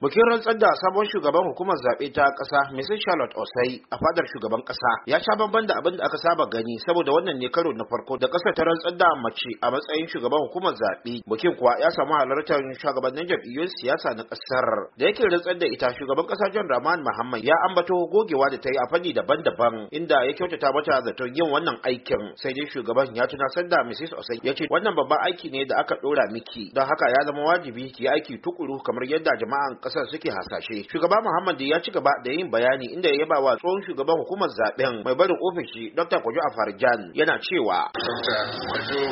Bikin rantsar da sabon shugaban hukumar zaɓe ta ƙasa Mrs. Charlotte Osai a fadar shugaban ƙasa ya sha bamban da abin da aka saba gani saboda wannan ne karo na farko da ƙasar ta rantsar da mace a matsayin shugaban hukumar zabe. Bikin kuwa ya samu halartar shugabannin jam'iyyun siyasa na ƙasar da yake rantsar da ita shugaban ƙasa John Rahman Muhammad ya ambato gogewa da ta yi a fanni daban-daban inda ya kyautata mata zaton yin wannan aikin sai dai shugaban ya tunasar da Mrs. Osai ya ce wannan babban aiki ne da aka ɗora miki don haka ya zama wajibi ki aiki tukuru kamar yadda jama'an kasar suke hasashe shugaba muhammad ya ci gaba da yin bayani inda ya yaba wa tsohon shugaban hukumar zaben mai barin ofishi dr kwajo afarjan yana cewa dr kwajo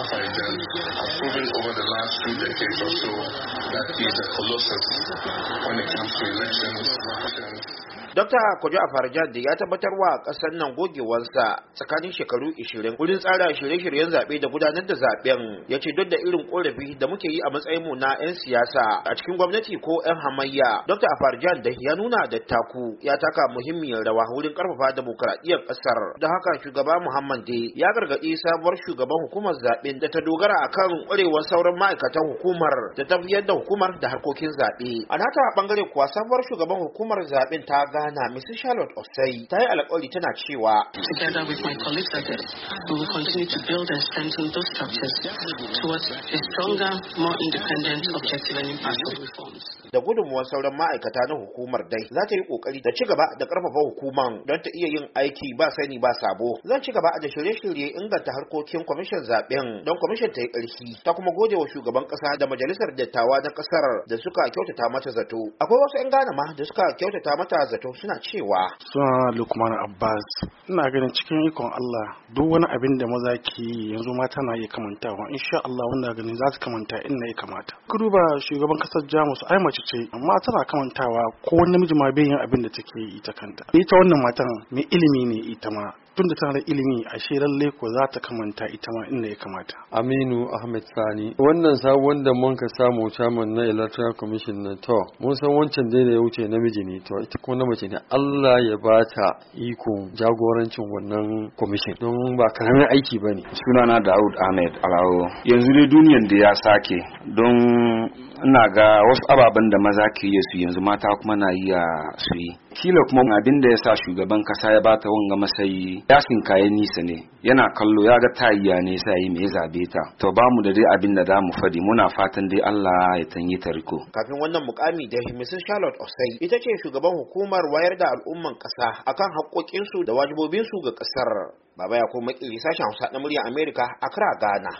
afarjan has proven over the last two decades or so that he is a colossus when it comes to elections Dr. Kwajo da ya tabbatar wa ƙasar nan gogewarsa tsakanin shekaru 20 wurin tsara shirye-shiryen zaɓe da gudanar da zaɓen ya ce duk da irin ƙorafi da muke yi a matsayin mu na 'yan siyasa a cikin gwamnati ko 'yan hamayya. Dr. Afarjad da ya nuna da taku ya taka muhimmiyar rawa wurin ƙarfafa demokuraɗiyyar ƙasar. Da haka shugaba Muhammad ya gargaɗi sabuwar shugaban hukumar zaɓe da ta dogara a kan ƙwarewar sauran ma'aikatan hukumar da tafiyar da hukumar da harkokin zaɓe. A nata ɓangare kuwa sabuwar shugaban hukumar zaɓen ta gane Ghana, Mrs. Charlotte Osei, ta yi alƙawari Together with my colleagues at we will continue to build and strengthen those structures towards a stronger, more independent, objective and impartial reforms. da gudunmuwan sauran ma'aikata na hukumar dai za ta yi kokari da ci gaba da karfafa hukuman don ta iya yin aiki ba sani ba sabo zan ci gaba da shirye-shirye inganta harkokin kwamishin zaben don kwamishin ta yi ƙarfi ta kuma gode wa shugaban ƙasa da majalisar dattawa na ƙasar da suka kyautata mata zato akwai wasu 'yan gane ma da suka kyautata mata zato suna cewa suna lukman abbas ina ganin cikin ikon allah duk wani abin da maza ke yi yanzu mata na iya kamantawa insha allah wanda ganin za su kamanta in na iya kamata ku shugaban kasar jamus ai mace mace amma tana kamantawa ko namiji ma bai yin abin da take yi ta kanta ita wannan matan mai ilimi ne ita ma tunda tana da ilimi a lalle ko za ta kamanta ita ma inda ya kamata Aminu Ahmed Sani wannan sabon da mun ka samu chairman na Electoral Commission na to mun san wancan dai da ya wuce namiji ne to ita ko na ne Allah ya ba ta iko jagorancin wannan commission don ba karamin aiki bane sunana Daud Ahmed Alawo yanzu dai duniyar da ya sake don na ga wasu ababen da maza ke yi su yanzu mata kuma na iya su yi kila kuma abin da ya sa shugaban kasa ya bata wanga masayi ya kayan nisa ne yana kallo ya ga tayiya ne sa yi mai zabe ta to ba mu da dai abin da za mu fadi muna fatan dai Allah ya tanyi ta riko kafin wannan mukami da Mrs Charlotte Osei ita ce shugaban hukumar wayar da al'umman kasa akan haƙoƙin da wajibobin su ga kasar baba ya ko makili sashen Hausa na murya America Accra Ghana